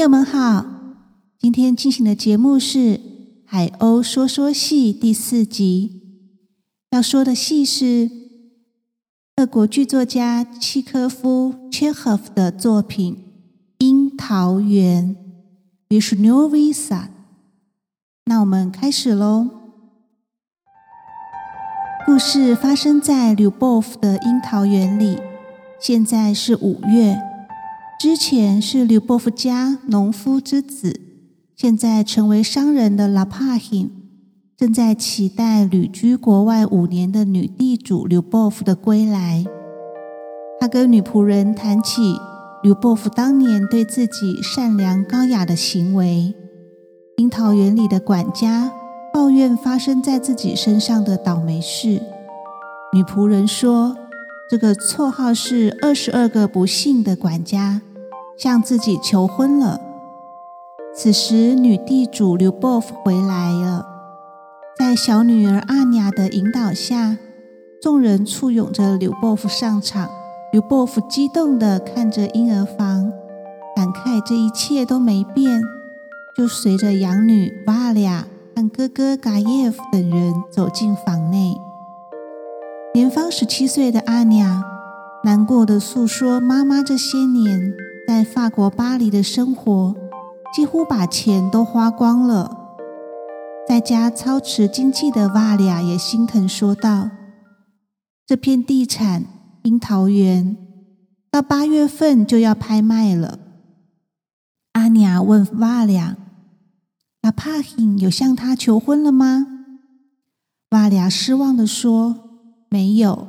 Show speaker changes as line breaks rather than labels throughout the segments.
朋友們好，今天進行的節目是《海鷗說說戲》第四集，要說的戲是俄國劇作家契訶夫 Чехов 的作品《櫻桃園》Вишнёвый сад，那我們開始嘍。故事發生在柳博夫的櫻桃園裡，現在是五月。之前是柳波夫家農夫之子，現在成為商人的拉帕辛，正在期待旅居國外五年的女地主柳波夫的歸來。他跟女僕人談起柳波夫當年對自己善良高雅的行為。櫻桃園裡的管家抱怨發生在自己身上的倒霉事。女僕人說：“這個綽號是二十二個不幸的管家。”向自己求婚了。此時，女地主柳波夫回來了。在小女兒阿雅的引導下，眾人簇擁着柳波夫上場。柳波夫激動地看着嬰兒房，感慨這一切都沒變。就隨着養女瓦利亞和哥哥加耶夫等人走進房內。年方十七歲的阿雅難過地訴說媽媽這些年在法國巴黎的生活幾乎把錢都花光了。在家操持經濟的瓦利亞也心疼說，說道：“這片地產櫻桃園到八月份就要拍賣了。”阿尼亞問瓦利亞：“阿帕有向她求婚了嗎？”瓦利亞失望地說：“沒有，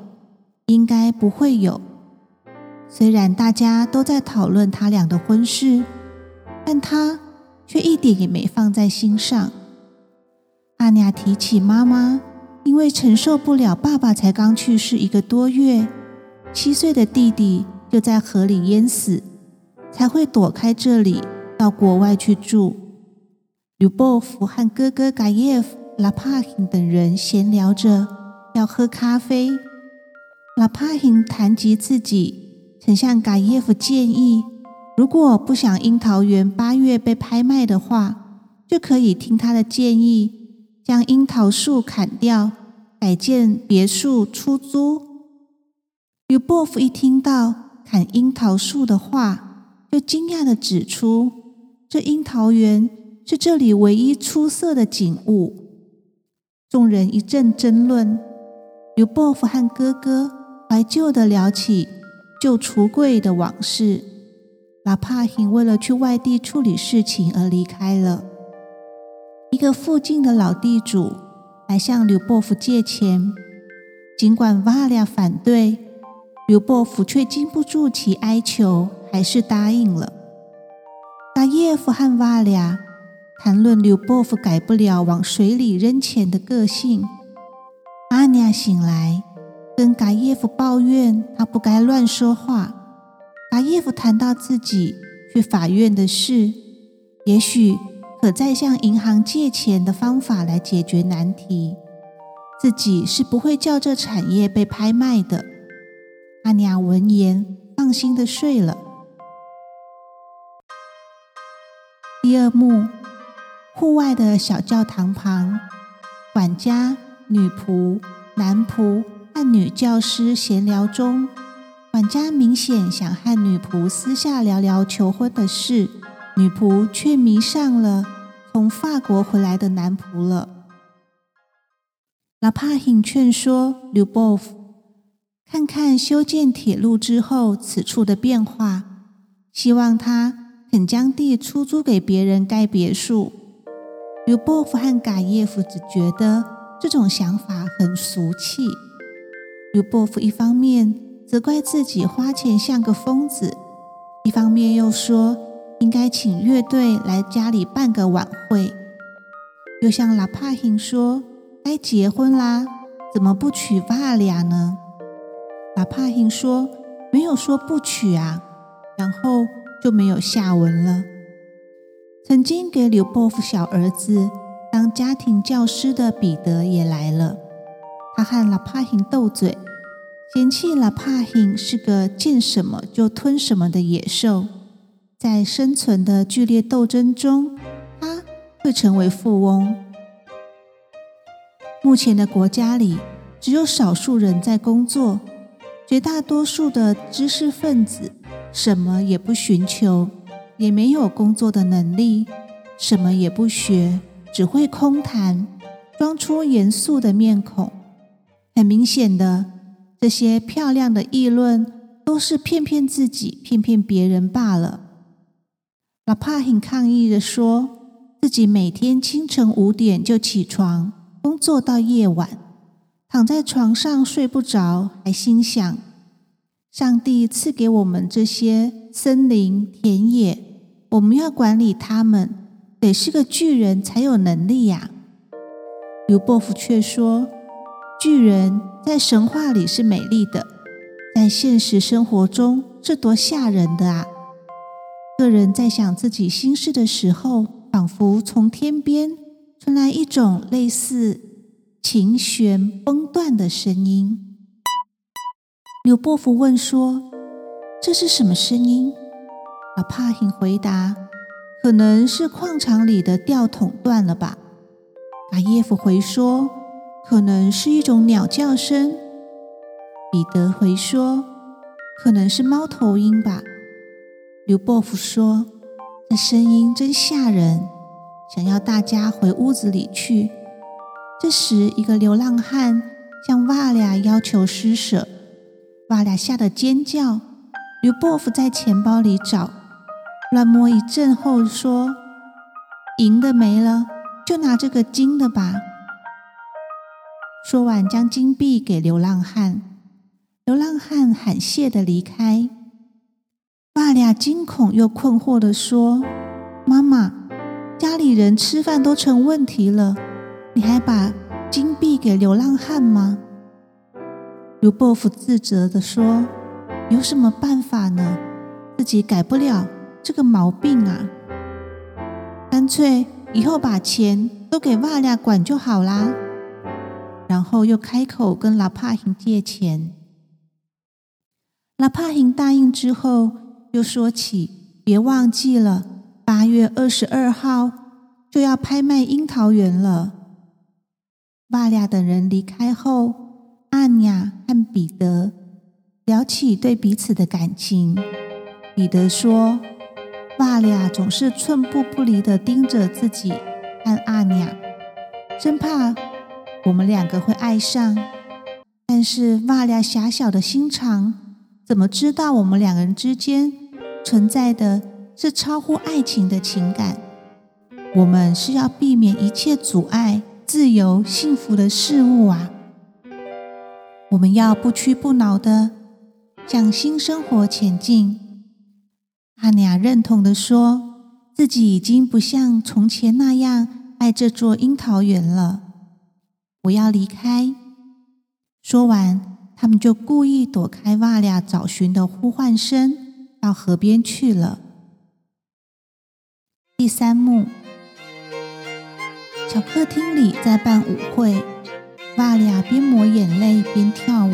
應該不會有。”雖然大家都在討論他倆的婚事，但他卻一點也沒放在心上。阿尼亞提起媽媽，因為承受不了爸爸才剛去世一個多月，七歲的弟弟就在河裡淹死，才會躲開這裡到國外去住。魯波夫和哥哥嘎耶夫、拉帕辛等人閒聊着要喝咖啡。拉帕辛談及自己。丞相加耶夫建議，如果不想櫻桃園八月被拍賣的話，就可以聽他的建議，將櫻桃樹砍掉，改建別墅出租。尤波夫一聽到砍櫻桃樹的話，就驚訝地指出，這櫻桃園是這裡唯一出色的景物。眾人一陣爭論，尤波夫和哥哥懷舊地聊起。舊櫥櫃的往事。拉帕辛為了去外地處理事情而離開了。一個附近的老地主來向柳伯芙借錢，儘管瓦利亞反對，柳伯芙卻禁不住其哀求，還是答應了。拉耶夫和瓦利亞談論柳伯芙改不了往水裡扔錢的個性。阿尼亞醒來。跟嘎耶夫抱怨，他不該亂說話。嘎耶夫談到自己去法院的事，也許可再向銀行借錢的方法來解決難題。自己是不會叫這產業被拍賣的。阿娘聞言，放心的睡了。第二幕，戶外的小教堂旁，管家、女僕、男僕。和女教師閒聊中，管家明顯想和女僕私下聊聊求婚的事，女僕卻迷上了從法國回來的男僕了。拉帕欣勸說柳波夫看看修建鐵路之後此處的變化，希望他肯將地出租給別人蓋別墅。柳波夫和嘎耶夫只覺得這種想法很俗氣。柳波夫一方面責怪自己花錢像個瘋子，一方面又說應該請樂隊來家裡辦個晚會。又向拉帕辛說：“該結婚啦，怎麼不娶瓦利亞呢？”拉帕辛說：“沒有說不娶啊。”然後就沒有下文了。曾經給柳波夫小兒子當家庭教師的彼得也來了。他和拉帕辛鬥嘴，嫌棄拉帕辛是個見什麼就吞什麼的野獸。在生存的劇烈鬥爭中，他會成為富翁。目前的國家裡，只有少數人在工作，絕大多數的知識分子什麼也不尋求，也沒有工作的能力，什麼也不學，只會空談，裝出嚴肅的面孔。很明顯的，這些漂亮的議論都是騙騙自己、騙騙別人罷了。拉帕很抗議地說：“自己每天清晨五點就起床，工作到夜晚，躺在床上睡不着，還心想：上帝賜給我們這些森林、田野，我們要管理他們，得是個巨人才有能力呀、啊。”劉伯夫卻說。巨人在神話裡是美麗的，但現實生活中是多嚇人的啊！個人在想自己心事的時候，仿佛從天邊傳來一種類似琴弦崩斷的聲音。柳波芙問說：“這是什麼聲音？”羅巴辛回答：“可能是礦場裡的吊桶斷了吧。”阿耶夫回說。可能是一種鳥叫聲，彼得回說：“可能是貓頭鷹吧。”劉波夫說：“這聲音真嚇人，想要大家回屋子裡去。”這時，一個流浪漢向瓦利亞要求施捨，瓦利亞嚇得尖叫。劉波夫在錢包裡找，亂摸一陣後說：“銀的沒了，就拿這個金的吧。”說完，將金幣給流浪漢，流浪漢感謝的離開。瓦利亞驚恐又困惑的說：“媽媽，家裡人吃飯都成問題了，你還把金幣給流浪漢嗎？”盧伯夫自責的說：“有什麼辦法呢？自己改不了這個毛病啊！乾脆以後把錢都給瓦利亞管就好啦。”然後又開口跟拉帕辛借錢，拉帕辛答應之後，又說起別忘記了，八月二十二號就要拍賣櫻桃園了。瓦倆等人離開後，阿尼亞和彼得聊起對彼此的感情。彼得說，瓦倆總是寸步不離地盯着自己和阿尼亞，生怕我們兩個會愛上，但是瓦利亞狹小的心腸，怎麼知道我們兩個人之間存在的是超乎愛情的情感？我們是要避免一切阻礙自由幸福的事物啊！我們要不屈不撓的向新生活前進。阿尼亞認同的說，自己已經不像從前那樣愛這座櫻桃園了。我要離開。說完，他們就故意躲開瓦利亞找尋的呼喚聲，到河邊去了。第三幕，小客廳裡在辦舞會，瓦利亞邊抹眼淚邊跳舞，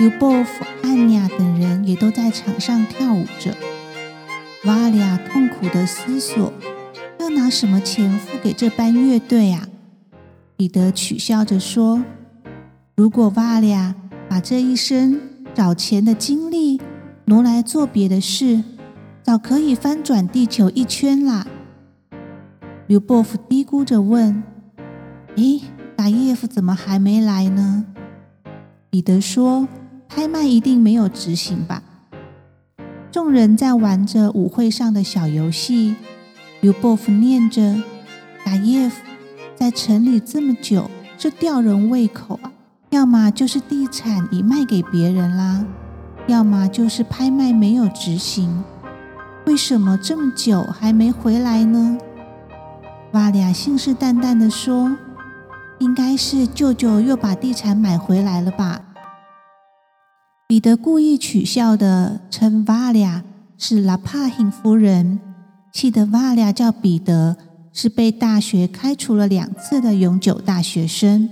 尤波夫、安雅等人也都在場上跳舞着。瓦利亞痛苦地思索：要拿什麼錢付給這班樂隊啊？彼得取笑着說：“如果瓦利亞把這一生找錢的精力挪來做別的事，早可以翻轉地球一圈啦。”柳波夫嘀咕着問：“咦，打葉夫怎麼還沒來呢？”彼得說：“拍賣一定沒有執行吧？”眾人在玩着舞會上的小遊戲。柳波夫念着：“打葉夫。”在城裡這麼久，這吊人胃口啊！要麼就是地產已賣給別人啦，要麼就是拍賣沒有執行。為什麼這麼久還沒回來呢？瓦利亞信誓旦旦地說：“應該是舅舅又把地產買回來了吧？”彼得故意取笑的稱瓦利亞是拉帕欣夫人，氣得瓦利亞叫彼得，是被大學開除了兩次的永久大學生。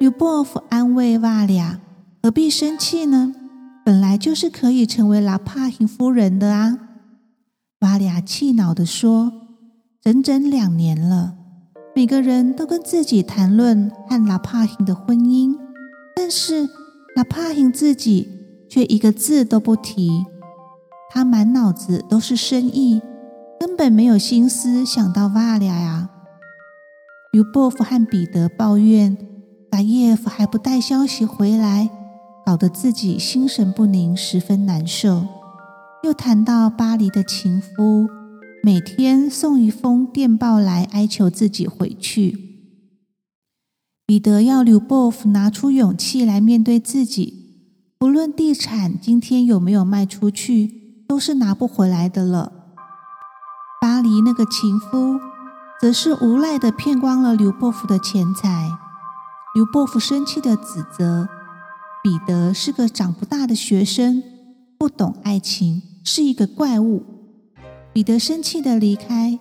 魯波夫安慰瓦利亞：“何必生氣呢？本來就是可以成為拉帕欣夫人的啊。”瓦利亞氣惱地說：“整整兩年了，每個人都跟自己談論和拉帕欣的婚姻，但是拉帕欣自己卻一個字都不提。他滿腦子都是生意。”根本沒有心思想到瓦里亞呀、啊。柳波夫和彼得抱怨，達葉夫還不帶消息回來，搞得自己心神不寧，十分難受。又談到巴黎的情夫，每天送一封電報來哀求自己回去。彼得要柳波夫拿出勇氣來面對自己，不論地產今天有沒有賣出去，都是拿不回來的了。巴黎那個情夫，則是無賴的騙光了劉伯父的錢財。劉伯父生氣的指責彼得是個長不大的學生，不懂愛情，是一個怪物。彼得生氣的離開，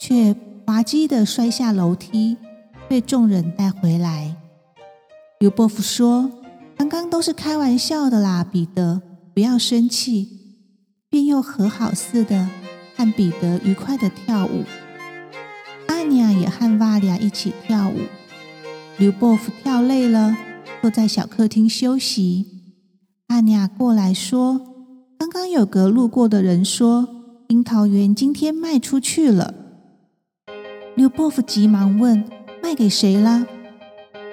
卻滑稽的摔下樓梯，被眾人帶回來。劉伯父說：“剛剛都是開玩笑的啦，彼得，不要生氣。”便又和好似的。和彼得愉快地跳舞，阿尼亞也和瓦利亞一起跳舞。柳波夫跳累了，坐在小客廳休息。阿尼亞過來說：“剛剛有個路過的人說，櫻桃園今天賣出去了。”柳波夫急忙問：“賣給誰了？”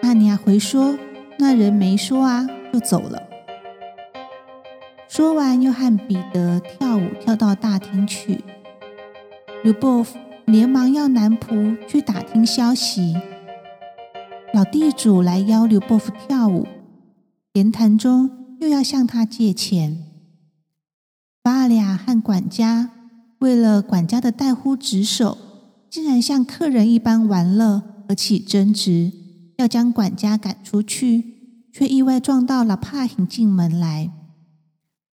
阿尼亞回說：“那人沒說啊，就走了。”說完又和彼得跳舞，跳到大廳去。Lubov 連忙要男僕去打聽消息。老地主來邀 Lubov 跳舞，言談中又要向他借錢。巴倆和管家為了管家的怠忽職守，竟然像客人一般玩樂而起爭執，要將管家趕出去，卻意外撞到了帕邢進門來。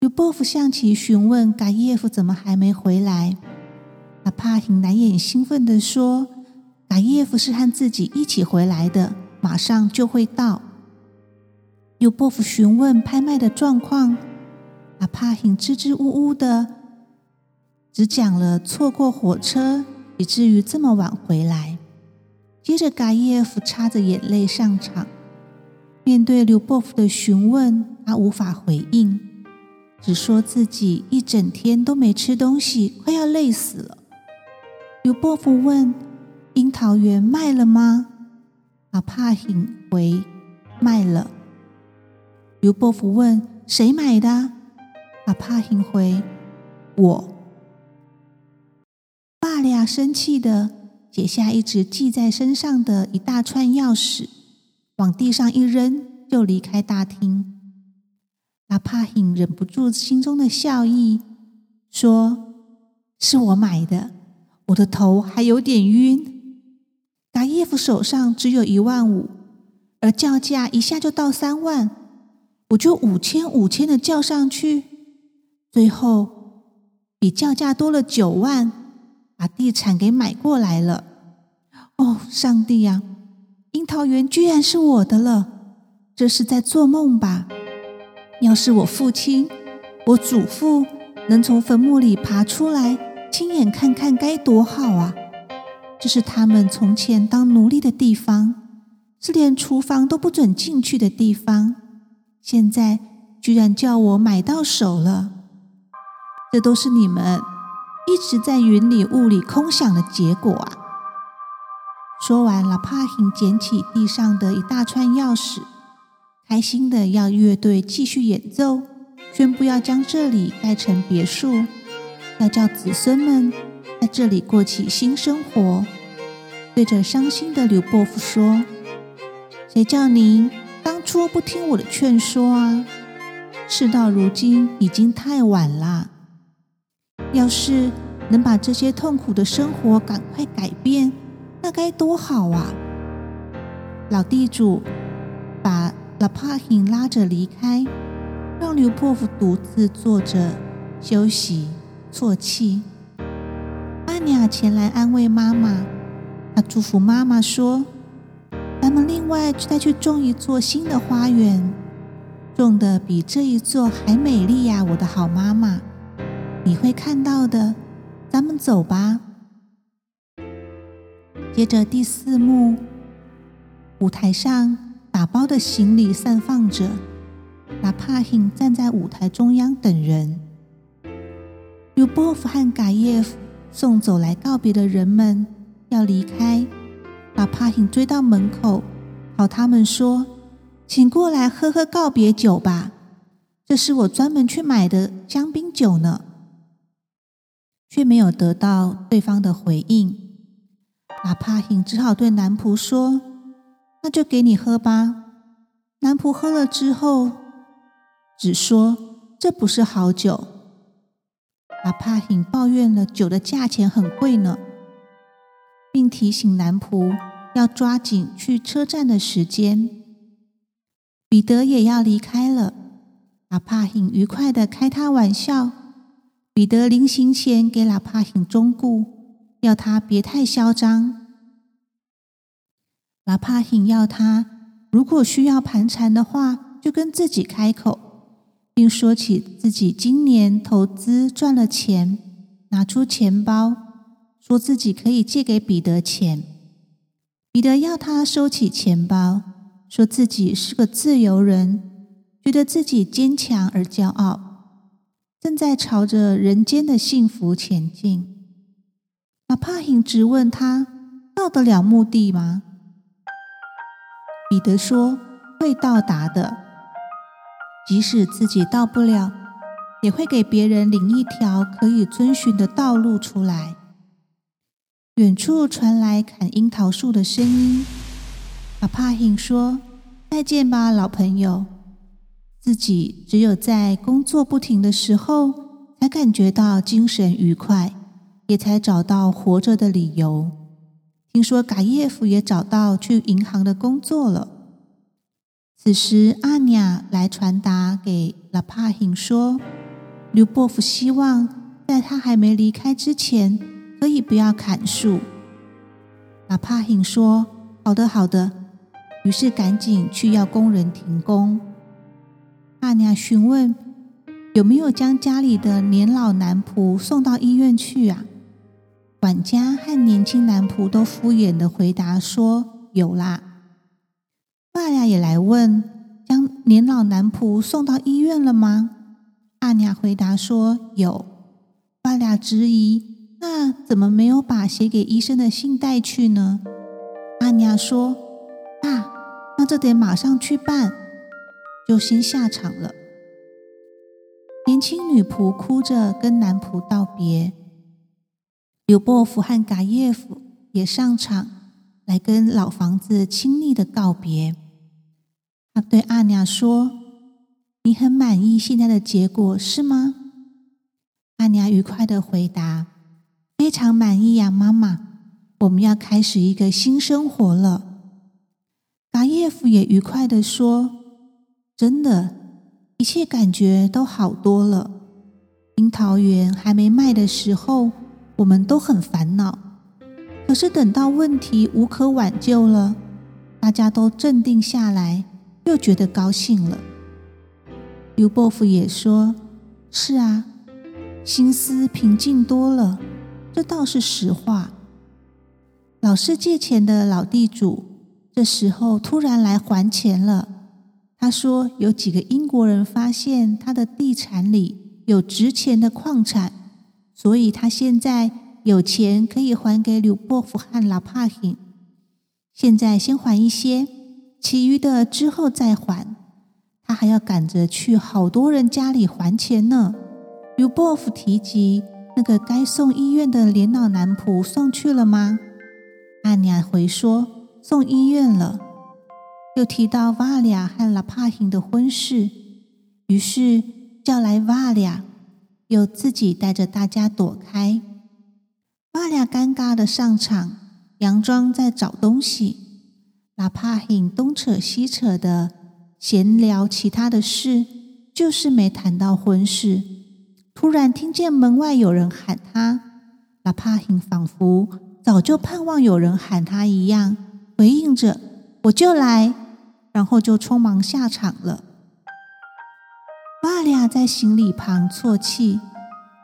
Lubov 向其詢問加耶夫怎麼還沒回來。阿帕挺難掩興奮地說：“嘎耶夫是和自己一起回來的，馬上就會到。”柳波夫詢問拍賣的狀況，阿帕挺支支吾吾的，只講了錯過火車，以至於這麼晚回來。接着，嘎耶夫擦着眼淚上場，面對柳波夫的詢問，他無法回應，只說自己一整天都沒吃東西，快要累死了。劉伯父問：“櫻桃園賣了嗎？”阿帕辛回：“賣了。”劉伯父問：“誰買的？”阿帕辛回：“我。”巴利亞生氣的解下一直繫在身上的一大串鑰匙，往地上一扔，就離開大廳。阿帕辛忍不住心中的笑意，說：“是我買的。”我的頭還有點暈，達耶夫手上只有一萬五，而叫價一下就到三萬，我就五千五千地叫上去，最後比叫價多了九萬，把地產給買過來了。哦，上帝呀、啊，櫻桃園居然是我的了！這是在做夢吧？要是我父親、我祖父能從墳墓裡爬出來！親眼看看該多好啊！這是他們從前當奴隸的地方，是連廚房都不准進去的地方，現在居然叫我買到手了！這都是你們一直在雲裡霧裡空想的結果啊！說完，拉帕廷撿起地上的一大串鑰匙，開心地要樂隊繼續演奏，宣布要將這裡蓋成別墅。要叫子孫們在這裡過起新生活，對着傷心的柳伯父說：“誰叫您當初不聽我的勸說啊？事到如今已經太晚了。要是能把這些痛苦的生活趕快改變，那該多好啊！”老地主把老帕辛拉着離開，讓柳伯父獨自坐着休息。啜泣。阿尼亞前來安慰媽媽，她祝福媽媽說：“咱們另外再去種一座新的花園，種的比這一座還美麗呀，啊，我的好媽媽，你會看到的。”咱們走吧。接着第四幕，舞台上打包的行李散放着，拉帕金站在舞台中央等人。魯波夫和嘎耶夫，送走來告別的人們要離開，哪帕廷追到門口，朝他們說：“請過來喝喝告別酒吧，這是我專門去買的香檳酒呢。”卻沒有得到對方的回應。哪帕廷只好對男僕說：“那就給你喝吧。”男僕喝了之後，只說：“這不是好酒。”阿帕很抱怨了酒的價錢很貴呢，並提醒男僕要抓緊去車站的時間。彼得也要離開了，阿帕很愉快地開他玩笑。彼得臨行前給阿帕很忠告，要他別太囂張。阿帕很要他，如果需要盤纏的話，就跟自己開口。並說起自己今年投資賺了錢，拿出錢包，說自己可以借給彼得錢。彼得要他收起錢包，說自己是個自由人，覺得自己堅強而驕傲，正在朝着人間的幸福前進。哪帕林質問他到得了目的嗎？彼得說會到達的。即使自己到不了，也會給別人領一條可以遵循的道路出來。遠處傳來砍櫻桃樹的聲音。阿帕辛說：“再見吧，老朋友。”自己只有在工作不停的時候，才感覺到精神愉快，也才找到活着的理由。聽說嘎耶夫也找到去銀行的工作了。此時，阿尼亞來傳達給拉帕辛說：“劉伯夫希望在他還沒離開之前，可以不要砍樹。”拉帕辛說：“好的，好的。”於是趕緊去要工人停工。阿尼亞詢問：“有沒有將家裡的年老男僕送到醫院去啊？”管家和年輕男僕都敷衍的回答說：“有啦。”巴雅也來問：“將年老男僕送到醫院了嗎？”阿尼亞回答說：“有。”巴雅質疑：“那怎麼沒有把寫給醫生的信帶去呢？”阿尼亞說：“爸、啊，那這得馬上去辦。”就先下場了。年輕女僕哭着跟男僕道別。柳波夫和嘎耶夫也上場來跟老房子親密的道別。他對阿尼亞說：“你很滿意現在的結果是嗎？”阿尼亞愉快的回答：“非常滿意呀，媽媽。我們要開始一個新生活了。”達葉夫也愉快的說：“真的，一切感覺都好多了。櫻桃園還沒賣的時候，我們都很煩惱。可是等到問題無可挽救了，大家都鎮定下來。”又覺得高興了。劉伯父也說：“是啊，心思平靜多了，這倒是實話。”老是借錢的老地主，這時候突然來還錢了。他說：“有幾個英國人發現他的地產裡有值錢的礦產，所以他現在有錢可以還給劉伯父和老帕辛。現在先還一些。”其餘的之後再還，他還要趕着去好多人家裡還錢呢。柳苞芙提及那個該送醫院的年老男僕送去了嗎？阿尼亞回說送醫院了。又提到瓦爾亞和拉帕廷的婚事，於是叫來瓦爾亞，又自己帶着大家躲開。瓦爾亞尷尬的上場，佯裝在找東西。拉帕辛東扯西扯的閒聊其他的事，就是沒談到婚事。突然聽見門外有人喊他，拉帕辛，仿佛早就盼望有人喊他一樣，回應着：“我就來。”然後就匆忙下場了。爸倆在行李旁啜泣。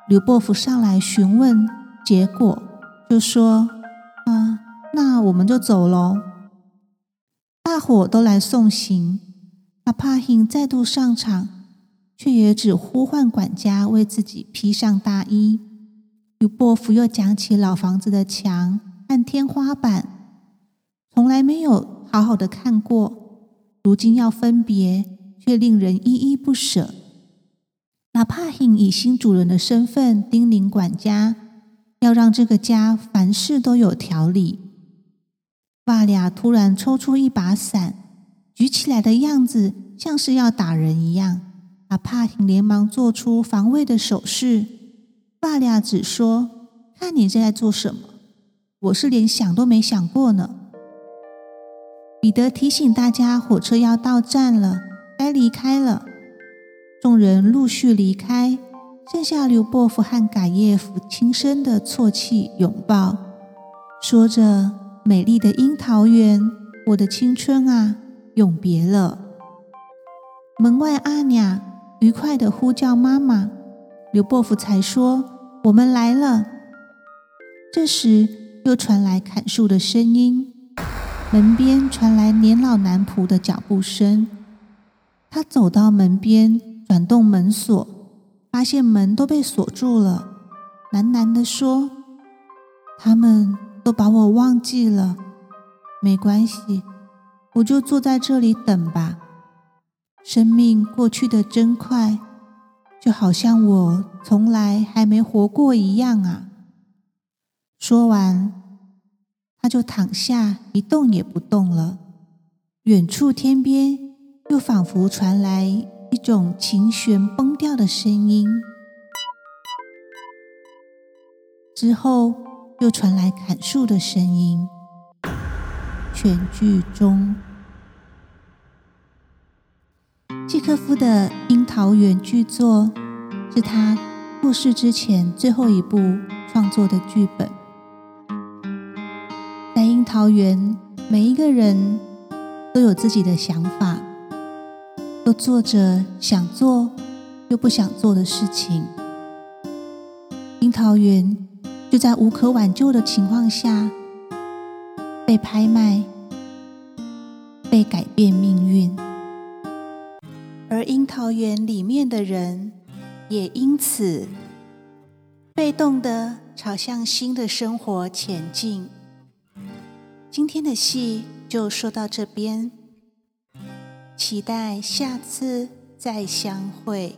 柳波夫上來詢問結果，就說：“啊，那我們就走嘍。”大夥都來送行，羅帕辛再度上場，卻也只呼喚管家為自己披上大衣。魯波夫又講起老房子的牆和天花板，從來沒有好好的看過，如今要分別，卻令人依依不捨。羅帕辛以新主人的身份叮嚀管家，要讓這個家凡事都有條理。巴倆突然抽出一把傘，舉起來的樣子像是要打人一樣。阿帕廷連忙做出防衛的手勢。巴倆只說：“看你正在做什麼？我是連想都沒想過呢。”彼得提醒大家：“火車要到站了，該離開了。”眾人陸續離開，剩下劉伯夫和加耶夫輕聲的啜泣、擁抱，說着。美麗的櫻桃園，我的青春啊，永別了。門外阿娘愉快地呼叫媽媽，劉伯父才說：“我們來了。”這時又傳來砍樹的聲音，門邊傳來年老男僕的腳步聲。他走到門邊，轉動門鎖，發現門都被鎖住了，喃喃地說：“他們。”都把我忘記了，沒關係，我就坐在這裡等吧。生命過去的真快，就好像我從來還沒活過一樣啊！說完，他就躺下，一動也不動了。遠處天邊，又仿佛傳來一種琴弦崩掉的聲音。之後。又傳來砍樹的聲音。全劇終。契訶夫的《櫻桃園》劇作是他故世之前最後一部創作的劇本。在櫻桃園，每一個人都有自己的想法，都做着想做又不想做的事情。櫻桃園。就在無可挽救的情況下，被拍賣，被改變命運，而櫻桃園裡面的人也因此被動地朝向新的生活前進。今天的戲就說到這邊，期待下次再相會。